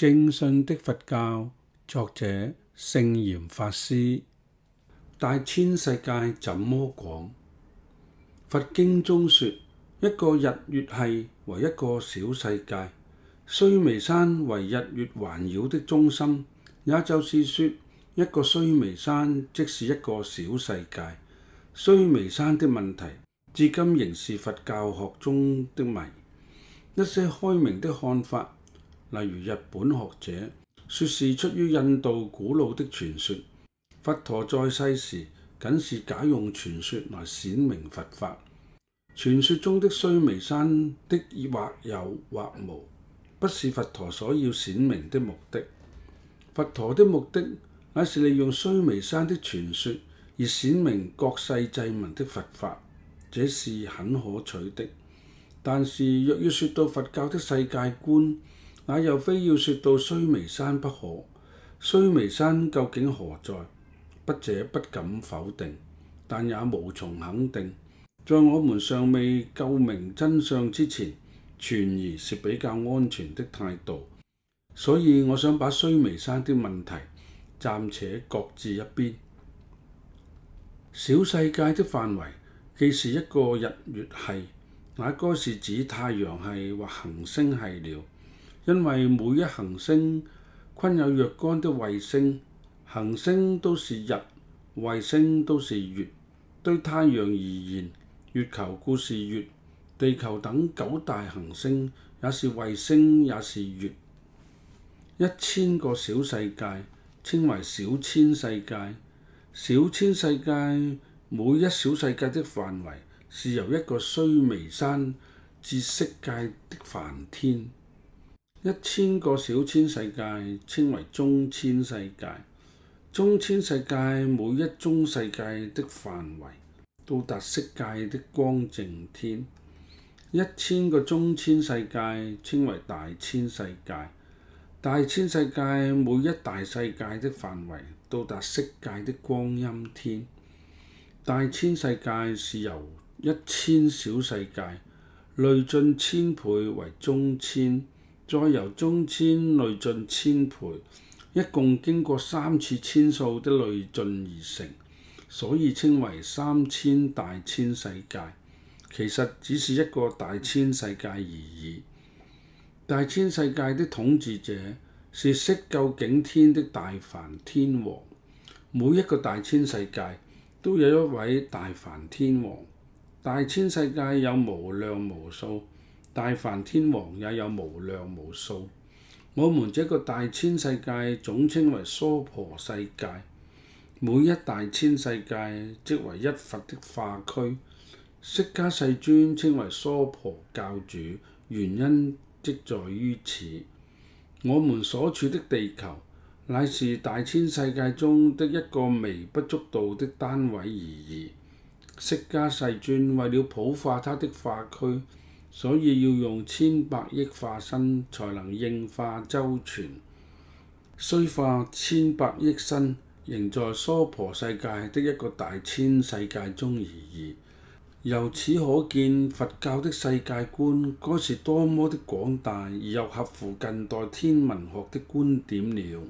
正信的佛教，作者聖嚴法師。大千世界怎麼講？佛經中說，一個日月系為一個小世界，須彌山為日月環繞的中心，也就是說，一個須彌山即是一個小世界。須彌山的問題至今仍是佛教學中的謎。一些開明的看法。例如日本學者說是出於印度古老的傳說，佛陀在世時僅是假用傳說來顯明佛法。傳說中的須彌山的或有或無，不是佛陀所要顯明的目的。佛陀的目的乃是利用須彌山的傳說而顯明各世濟民的佛法，這是很可取的。但是若要說到佛教的世界觀，那又非要說到須彌山不可。須彌山究竟何在？筆者不敢否定，但也無從肯定。在我們尚未究明真相之前，存疑是比較安全的態度。所以我想把須彌山的問題暫且擱置一邊。小世界的範圍既是一個日月系，那該是指太陽系或行星系了。因為每一行星均有若干的衛星，行星都是日，衛星都是月。對太陽而言，月球固是月；地球等九大行星也是衛星，也是月。一千個小世界稱為小千世界，小千世界每一小世界的範圍是由一個須彌山至色界的梵天。一千個小千世界稱為中千世界，中千世界每一中世界的範圍到達色界的光淨天。一千個中千世界稱為大千世界，大千世界每一大世界的範圍到達色界的光音天。大千世界是由一千小世界累進千倍為中千。再由中千累進千倍，一共經過三次千數的累進而成，所以稱為三千大千世界。其實只是一個大千世界而已。大千世界的統治者是色究竟天的大梵天王。每一個大千世界都有一位大梵天王。大千世界有無量無數。大梵天王也有無量無數，我們這個大千世界總稱為娑婆世界，每一大千世界即為一佛的化區。釋迦世尊稱為娑婆教主，原因即在於此。我們所處的地球，乃是大千世界中的一個微不足道的單位而已。釋迦世尊為了普化他的化區，所以要用千百億化身才能應化周全，雖化千百億身，仍在娑婆世界的一個大千世界中而已。由此可見，佛教的世界觀，該是多麼的廣大，而又合乎近代天文學的觀點了。